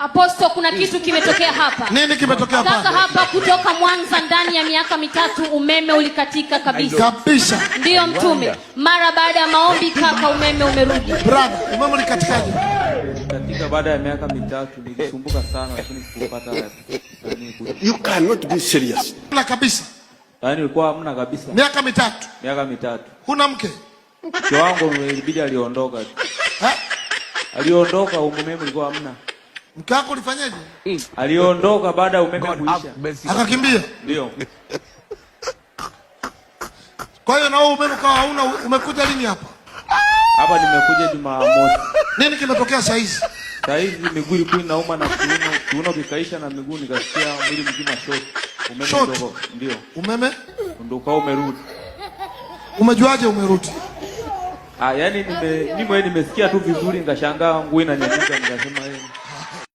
Aposto, kuna kitu kimetokea hapa. Nini kimetokea hapa? Sasa hapa kutoka Mwanza ndani ya miaka mitatu umeme ulikatika kabisa. Kabisa. Ndio mtume. Mara baada ya maombi kaka umeme umerudi. Brother, Umeme ulikatikaje? Ulikatika baada ya miaka mitatu nilisumbuka sana lakini sikupata. You cannot be serious. Bila kabisa. Yaani ulikuwa hamna kabisa. Miaka mitatu. Miaka mitatu. Huna mke? Mke wangu ilibidi aliondoka. Ha? Aliondoka umeme ulikuwa hamna. Mke wako ulifanyaje? Aliondoka baada ya umeme kuisha. Akakimbia. Ndio. Kwa hiyo na wewe umeme kawa hauna, umekuja lini hapa? Hapa nimekuja Jumamosi. Nini kimetokea saa hizi? Saa hizi miguu ilikuwa inauma na kiuno, kiuno kikaisha na miguu nikasikia mwili mzima shoti. Umeme ndio. Ndio. Umeme? Ndio kwa umerudi. Umejuaje umerudi? Ah, yani nime, nimesikia tu vizuri nikashangaa nguo inanyanyuka nikasema yeye eh,